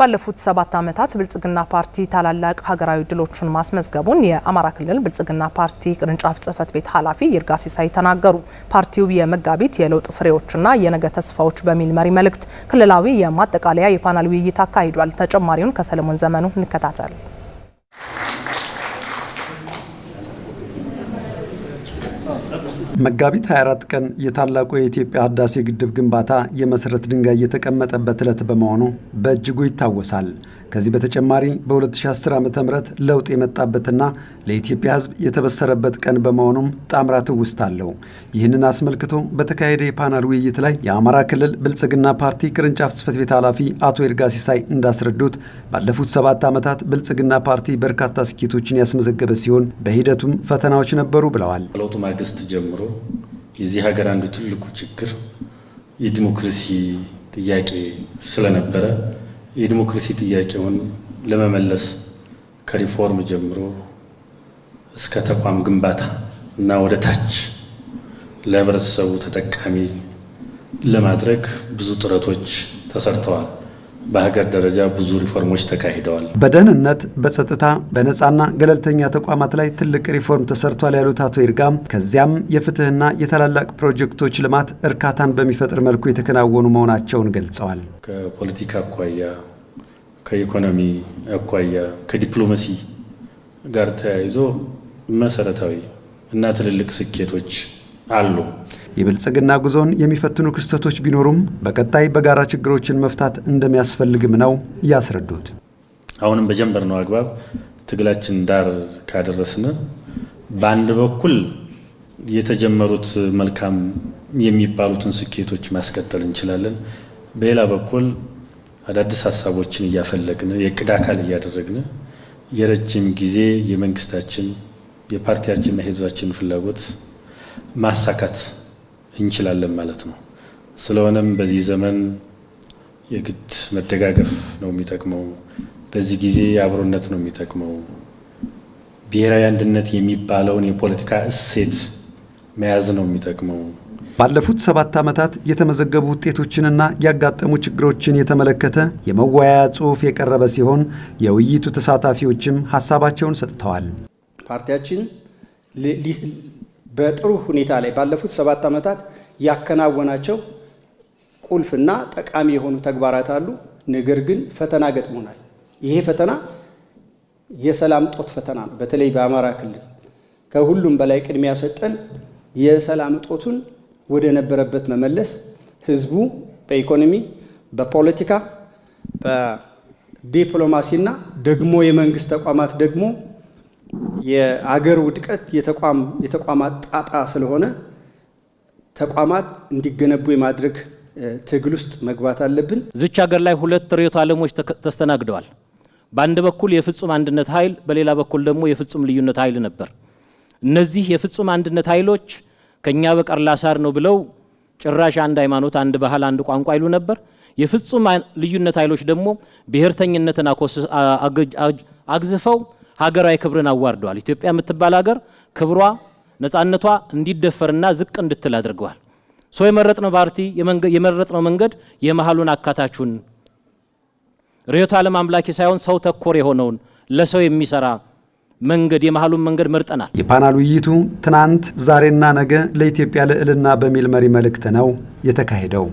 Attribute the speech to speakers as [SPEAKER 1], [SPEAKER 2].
[SPEAKER 1] ባለፉት ሰባት ዓመታት ብልጽግና ፓርቲ ታላላቅ ሀገራዊ ድሎችን ማስመዝገቡን የአማራ ክልል ብልጽግና ፓርቲ ቅርንጫፍ ጽህፈት ቤት ኃላፊ ይርጋ ሲሳይ ተናገሩ። ፓርቲው የመጋቢት የለውጥ ፍሬዎችና የነገ ተስፋዎች በሚል መሪ መልእክት ክልላዊ የማጠቃለያ የፓናል ውይይት አካሂዷል። ተጨማሪውን ከሰለሞን ዘመኑ እንከታተል።
[SPEAKER 2] መጋቢት 24 ቀን የታላቁ የኢትዮጵያ ህዳሴ ግድብ ግንባታ የመሰረት ድንጋይ የተቀመጠበት ዕለት በመሆኑ በእጅጉ ይታወሳል። ከዚህ በተጨማሪ በ2010 ዓ ም ለውጥ የመጣበትና ለኢትዮጵያ ህዝብ የተበሰረበት ቀን በመሆኑም ጣምራ ውስጥ አለው። ይህንን አስመልክቶ በተካሄደ የፓናል ውይይት ላይ የአማራ ክልል ብልጽግና ፓርቲ ቅርንጫፍ ጽህፈት ቤት ኃላፊ አቶ ይርጋ ሲሳይ እንዳስረዱት ባለፉት ሰባት ዓመታት ብልጽግና ፓርቲ በርካታ ስኬቶችን ያስመዘገበ ሲሆን በሂደቱም ፈተናዎች ነበሩ ብለዋል።
[SPEAKER 3] ማግስት ጀምሮ የዚህ ሀገር አንዱ ትልቁ ችግር የዲሞክራሲ ጥያቄ ስለነበረ የዲሞክራሲ ጥያቄውን ለመመለስ ከሪፎርም ጀምሮ እስከ ተቋም ግንባታ እና ወደ ታች ለህብረተሰቡ ተጠቃሚ ለማድረግ ብዙ ጥረቶች ተሰርተዋል። በሀገር ደረጃ ብዙ ሪፎርሞች ተካሂደዋል።
[SPEAKER 2] በደህንነት፣ በጸጥታ፣ በነጻና ገለልተኛ ተቋማት ላይ ትልቅ ሪፎርም ተሰርቷል ያሉት አቶ ይርጋም ከዚያም የፍትህና የታላላቅ ፕሮጀክቶች ልማት እርካታን በሚፈጥር መልኩ የተከናወኑ መሆናቸውን ገልጸዋል።
[SPEAKER 3] ከፖለቲካ አኳያ፣ ከኢኮኖሚ አኳያ፣ ከዲፕሎማሲ ጋር ተያይዞ መሰረታዊ እና ትልልቅ ስኬቶች አሉ።
[SPEAKER 2] የብልጽግና ጉዞን የሚፈትኑ ክስተቶች ቢኖሩም በቀጣይ በጋራ ችግሮችን መፍታት እንደሚያስፈልግም ነው ያስረዱት።
[SPEAKER 3] አሁንም በጀንበር ነው አግባብ ትግላችን ዳር ካደረስን በአንድ በኩል የተጀመሩት መልካም የሚባሉትን ስኬቶች ማስቀጠል እንችላለን። በሌላ በኩል አዳዲስ ሀሳቦችን እያፈለግን የእቅድ አካል እያደረግን የረጅም ጊዜ የመንግስታችን የፓርቲያችንና የህዝባችን ፍላጎት ማሳካት እንችላለን ማለት ነው። ስለሆነም በዚህ ዘመን የግድ መደጋገፍ ነው የሚጠቅመው። በዚህ ጊዜ የአብሮነት ነው የሚጠቅመው። ብሔራዊ አንድነት የሚባለውን የፖለቲካ እሴት መያዝ ነው የሚጠቅመው።
[SPEAKER 2] ባለፉት ሰባት ዓመታት የተመዘገቡ ውጤቶችንና ያጋጠሙ ችግሮችን የተመለከተ የመወያያ ጽሑፍ የቀረበ ሲሆን የውይይቱ ተሳታፊዎችም ሀሳባቸውን ሰጥተዋል።
[SPEAKER 4] ፓርቲያችን በጥሩ ሁኔታ ላይ ባለፉት ሰባት ዓመታት ያከናወናቸው ቁልፍና ጠቃሚ የሆኑ ተግባራት አሉ። ነገር ግን ፈተና ገጥሞናል። ይሄ ፈተና የሰላም እጦት ፈተና ነው። በተለይ በአማራ ክልል ከሁሉም በላይ ቅድሚያ ሰጠን የሰላም እጦቱን ወደ ነበረበት መመለስ ህዝቡ በኢኮኖሚ፣ በፖለቲካ፣ በዲፕሎማሲና ደግሞ የመንግስት ተቋማት ደግሞ የአገር ውድቀት የተቋማት ጣጣ ስለሆነ ተቋማት እንዲገነቡ የማድረግ ትግል ውስጥ መግባት አለብን።
[SPEAKER 5] ዝች ሀገር ላይ ሁለት ርዕዮተ ዓለሞች ተስተናግደዋል። በአንድ በኩል የፍጹም አንድነት ኃይል፣ በሌላ በኩል ደግሞ የፍጹም ልዩነት ኃይል ነበር። እነዚህ የፍጹም አንድነት ኃይሎች ከእኛ በቀር ላሳር ነው ብለው ጭራሽ አንድ ሃይማኖት፣ አንድ ባህል፣ አንድ ቋንቋ ይሉ ነበር። የፍጹም ልዩነት ኃይሎች ደግሞ ብሔርተኝነትን አግዝፈው ሀገራዊ ክብርን አዋርደዋል። ኢትዮጵያ የምትባል ሀገር ክብሯ ነፃነቷ እንዲደፈርና ዝቅ እንድትል አድርገዋል። ሰው የመረጥነው ፓርቲ የመረጥነው መንገድ የመሀሉን አካታችን ርዕዮተ ዓለም አምላኪ ሳይሆን ሰው ተኮር የሆነውን ለሰው የሚሰራ መንገድ የመሀሉን መንገድ መርጠናል።
[SPEAKER 2] የፓናል ውይይቱ ትናንት ዛሬና ነገ ለኢትዮጵያ ልዕልና በሚል መሪ መልእክት ነው የተካሄደው።